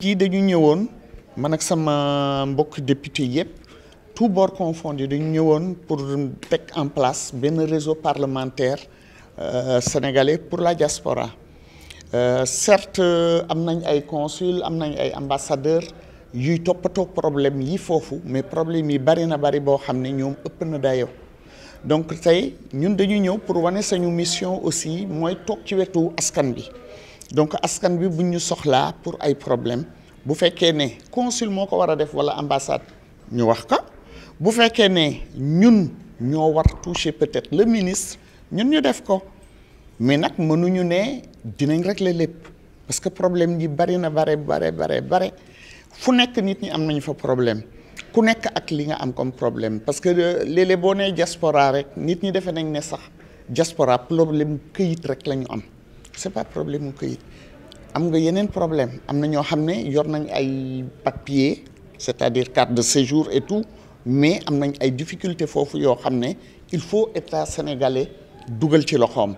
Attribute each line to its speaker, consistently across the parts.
Speaker 1: kii dañu ñëwoon man ak sama mbokk député yëpp tout bord confondu dañu ñëwoon pour teg en place benn réseau parlementaire euh, sénégalais pour la diaspora euh, certes euh, am nañ ay consul am nañ ay ambassadeur yuy toppatoo problème yi foofu mais problème yi bari na bari boo xam ne ñoom ëpp na dayo donc tey ñun dañu ñëw pour wane sañu mission aussi mooy toog ci wetu askan bi donc askan bi bu ñu soxlaa pour ay problème bu fekkee ne consul moo ko war a def wala ambassade ñu wax ko bu fekkee ne ñun ñoo war toucher peut-être le ministre ñun ñu def ko mais nag mënuñu ne dinañ régler lépp parce que problème yi bari na bare bare bare bare fu nekk nit ñi am nañu fa problème ku nekk ak li nga am comme problème parce que euh, léeg-léeg boo nee diaspora rek nit ñi defe nañ ne sax diaspora problème këyit rek la ñu am c'est pas problème mu këyit am nga yeneen problème am na ñoo xam ne yor nañ ay papier c'est-à-dire carte de séjour et tout mais am nañ ay difficulté foofu yoo xam ne il faut état sénégalais dugal ci loxoom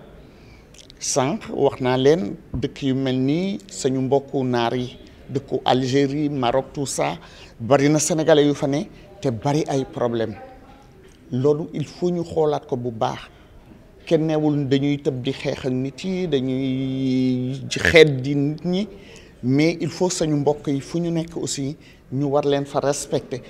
Speaker 1: sànq wax naa leen dëkk yu mel nii sañu mbokku naar yi dëkku Algérie Maroc tout ça bari na sénégalais yu fa ne te bari ay problème loolu il faut ñu xoolaat ko bu baax kenn newul dañuy tëb di xeex ak nit yi dañuy xeet di nit ñi mais il faut sañu mbokk yi fu ñu nekk aussi ñu war leen fa respecter